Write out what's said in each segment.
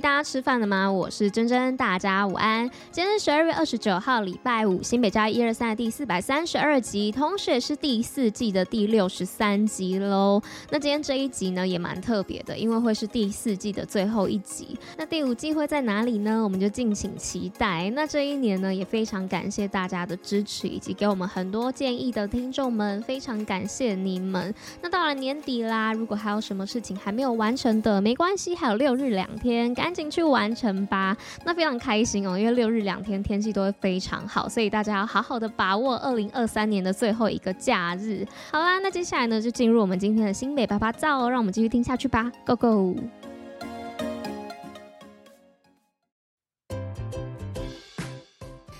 大家吃飯了嗎？我是珍珍，大家午安。今天是十二月二十九號，禮拜五，新北教育一二三的第四百三十二集，同時也是第四季的第六十三集嘍。那今天這一集呢，也蠻特別的，因為會是第四季的最後一集。那第五季會在哪裡呢？我們就敬請期待。那這一年呢，也非常感謝大家的支持，以及給我們很多建議的聽眾們，非常感謝你們。那到了年底啦，如果還有什麼事情還沒有完成的，沒關係，還有六日兩天。趕緊去完成吧！那非常開心哦，因為六日兩天天氣都會非常好，所以大家要好好的把握二零二三年的最後一個假日。好啦，那接下來呢，就進入我們今天的新北趴趴走哦，讓我們繼續聽下去吧，Go Go！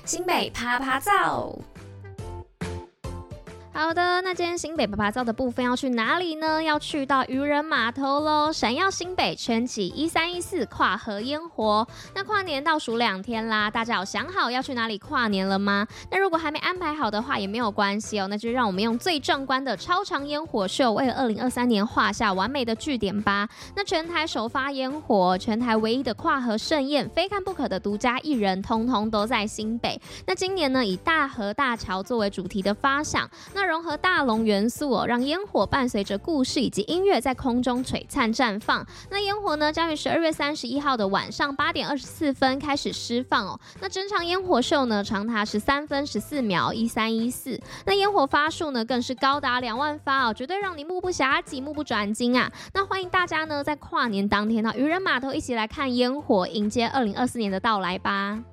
新北趴趴走。好的，那今天新北趴趴走的部分要去哪裡呢？要去到漁人碼頭嘍！閃耀新北，圈起一三一四跨河煙火。那跨年倒數兩天啦，大家有想好要去哪裡跨年了嗎？那如果還沒安排好的話，也沒有關係哦，那就讓我們用最壯觀的超長煙火秀，為了二零二三年畫下完美的句點吧。那全台首發煙火，全台唯一的跨河盛宴，非看不可的獨家藝人，通通都在新北。那今年呢，以大河大橋作為主題的發想，那。融合大龍元素哦，讓煙火伴隨着故事以及音樂在空中璀璨綻放。那煙火呢，將於十二月三十一號的晚上八點二十四分開始施放哦。那整場煙火秀呢，長達十三分十四秒一三一四。那煙火發數呢，更是高達兩萬發哦，絕對讓你目不暇給、目不轉睛啊。那歡迎大家呢，在跨年當天到、哦、漁人碼頭一起來看煙火，迎接二零二四年的到來吧。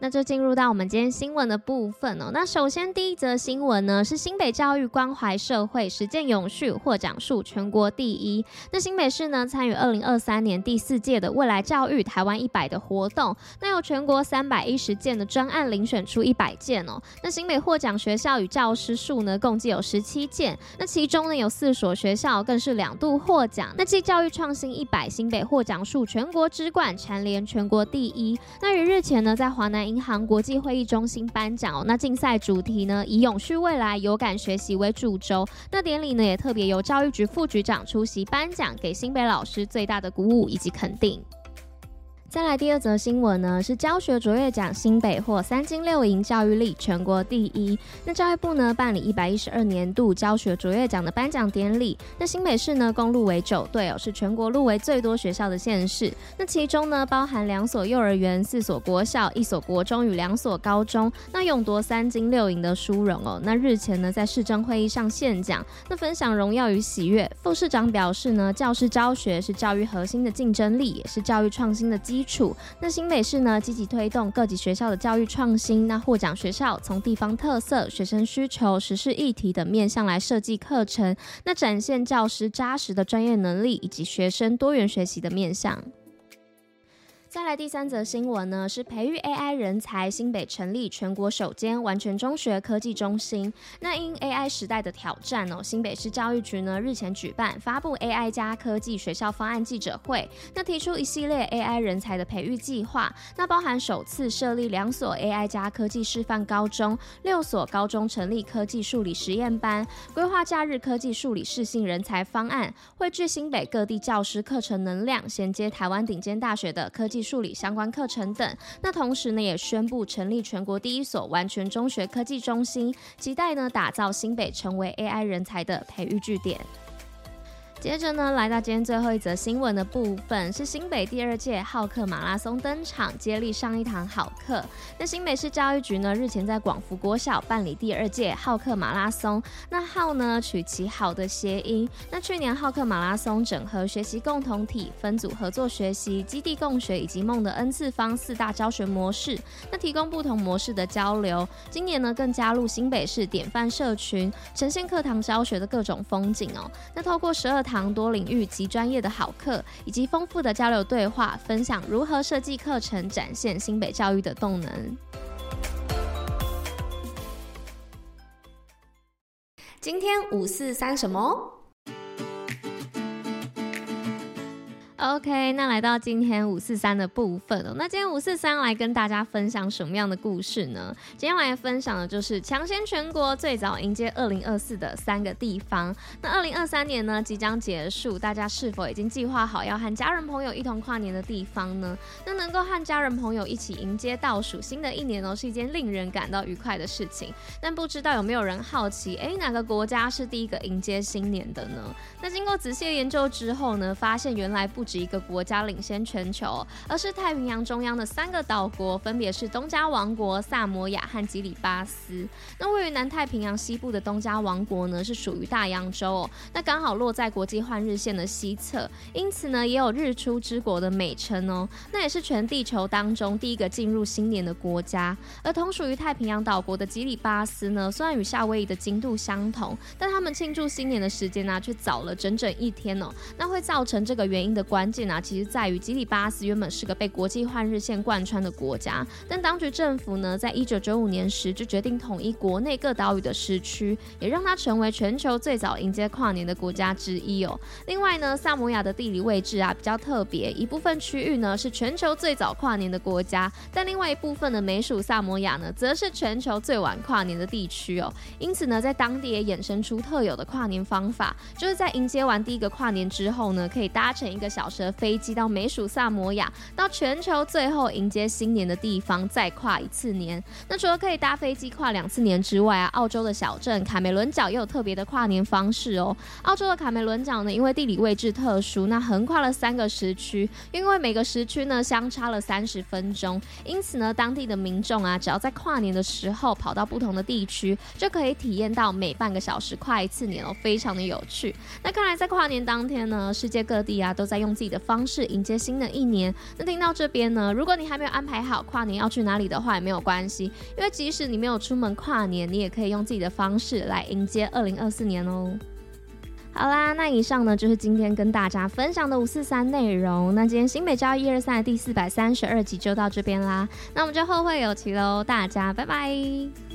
那就進入到我們今天新聞的部分哦。那首先第一則新聞呢，是新北教育關懷社會實踐永續獲獎數全國第一。那新北市呢，參與二零二三年第四屆的未來教育台灣一百的活動，那有全國三百一十件的專案遴選出一百件哦。那新北獲獎學校與教師數呢，共計有十七件。那其中呢，有四所學校更是兩度獲獎。那繼教育創新一百，新北獲獎數全國之冠，蟬聯全國第一。那於日前呢，在華南。銀行國際會議中心頒獎哦，那競賽主題呢以“永續未來，有感學習”為主軸。那典禮呢也特別由教育局副局長出席頒獎，給新北老師最大的鼓舞以及肯定。再來第二則新聞呢，是教學卓越獎新北獲三金六銀教育力全國第一。那教育部呢辦理一百一十二年度教學卓越獎的頒獎典禮。那新北市呢共入圍九隊哦，是全國入圍最多學校的縣市。那其中呢包含兩所幼兒園、四所國小、一所國中與兩所高中，那勇奪三金六銀的殊榮哦。那日前呢在市政會議上獻獎，那分享榮耀與喜悅。副市長表示呢，教師教學是教育核心的競爭力，也是教育創新的基基礎。那新北市呢，積極推動各級學校的教育創新。那獲獎學校從地方特色、學生需求、時事議題等面向來設計課程，那展現教師扎實的專業能力以及學生多元學習的面向。再來第三則新聞呢，是培育 AI 人才，新北成立全國首間完全中學科技中心。那因 AI 時代的挑戰哦，新北市教育局呢日前舉辦發布 AI 加科技學校方案記者會，那提出一系列 AI 人才的培育計劃，那包含首次設立兩所 AI 加科技示範高中，六所高中成立科技數理實驗班，規劃假日科技數理適性人才方案，匯聚新北各地教師課程能量，銜接台灣頂尖大學的科技技術相關課程等，那同時呢也宣布成立全國第一所完全中學科技中心，期待呢打造新北成為 AI 人才的培育據點。接着呢，來到今天最後一則新聞的部分，是新北第二屆 How 課馬拉松登場，接力上一堂好課。那新北市教育局呢，日前在廣福國小辦理第二屆 How 課馬拉松。那「How」呢，取其「好」的諧音。那去年 How 課馬拉松整合學習共同體、分組合作學習、基地共學以及夢的 n 次方四大教學模式。那提供不同模式的交流。今年呢，更加入新北市典範社群，呈現課堂教學的各種風景哦。那透過十二堂多領域及專業的好課，以及豐富的交流對話，分享如何設計課程，展現新北教育的動能。今天五四三什麼？OK，那來到今天五四三的部分哦、喔。那今天五四三來跟大家分享什麼樣的故事呢？今天來分享的就是搶先全國最早迎接二零二四的三個地方。那二零二三年呢，即將結束，大家是否已經計劃好要和家人朋友一同跨年的地方呢？那能夠和家人朋友一起迎接倒數新的一年哦、喔，是一件令人感到愉快的事情。但不知道有沒有人好奇，誒、欸，哪個國家是第一個迎接新年的呢？那經過仔細研究之後呢，發現原來不。指一個國家領先全球哦，而是太平洋中央的三個島國，分別是東加王國、薩摩亞和吉里巴斯。那位於南太平洋西部的東加王國呢，是屬於大洋洲哦。那剛好落在國際換日線的西側，因此呢，也有日出之國的美稱哦。那也是全地球當中第一個進入新年的國家。而同屬於太平洋島國的吉里巴斯呢，雖然與夏威夷的經度相同，但他們慶祝新年的時間呢、啊，卻早了整整一天哦。那會造成這個原因的關係。關鍵啊，其實在於吉里巴斯原本是個被國際換日線貫穿的國家，但當局政府呢，在一九九五年時就決定統一國內各島嶼的時區，也讓它成為全球最早迎接跨年的國家之一哦、喔。另外呢，薩摩亞的地理位置啊比較特別，一部分區域呢是全球最早跨年的國家，但另外一部分的美屬薩摩亞呢，則是全球最晚跨年的地區哦、喔。因此呢，在當地也衍生出特有的跨年方法，就是在迎接完第一個跨年之後呢，可以搭乘一個小。坐飛機到美屬薩摩亞，到全球最後迎接新年的地方，再跨一次年。那除了可以搭飛機跨兩次年之外啊，澳洲的小鎮卡梅倫角也有特別的跨年方式哦。澳洲的卡梅倫角呢，因為地理位置特殊，那橫跨了三個時區，因為每個時區呢相差了三十分鐘，因此呢，當地的民眾啊，只要在跨年的時候跑到不同的地區，就可以體驗到每半個小時跨一次年哦，非常的有趣。那看來在跨年當天呢，世界各地啊都在用。自己的方式迎接新的一年。那聽到這邊呢，如果你還沒有安排好跨年要去哪裡的話，也沒有關係，因為即使你沒有出門跨年，你也可以用自己的方式來迎接二零二四年哦。好啦，那以上呢就是今天跟大家分享的五四三內容。那今天新北教育一二三的第四百三十二集就到這邊啦。那我們就後會有期嘍，大家拜拜。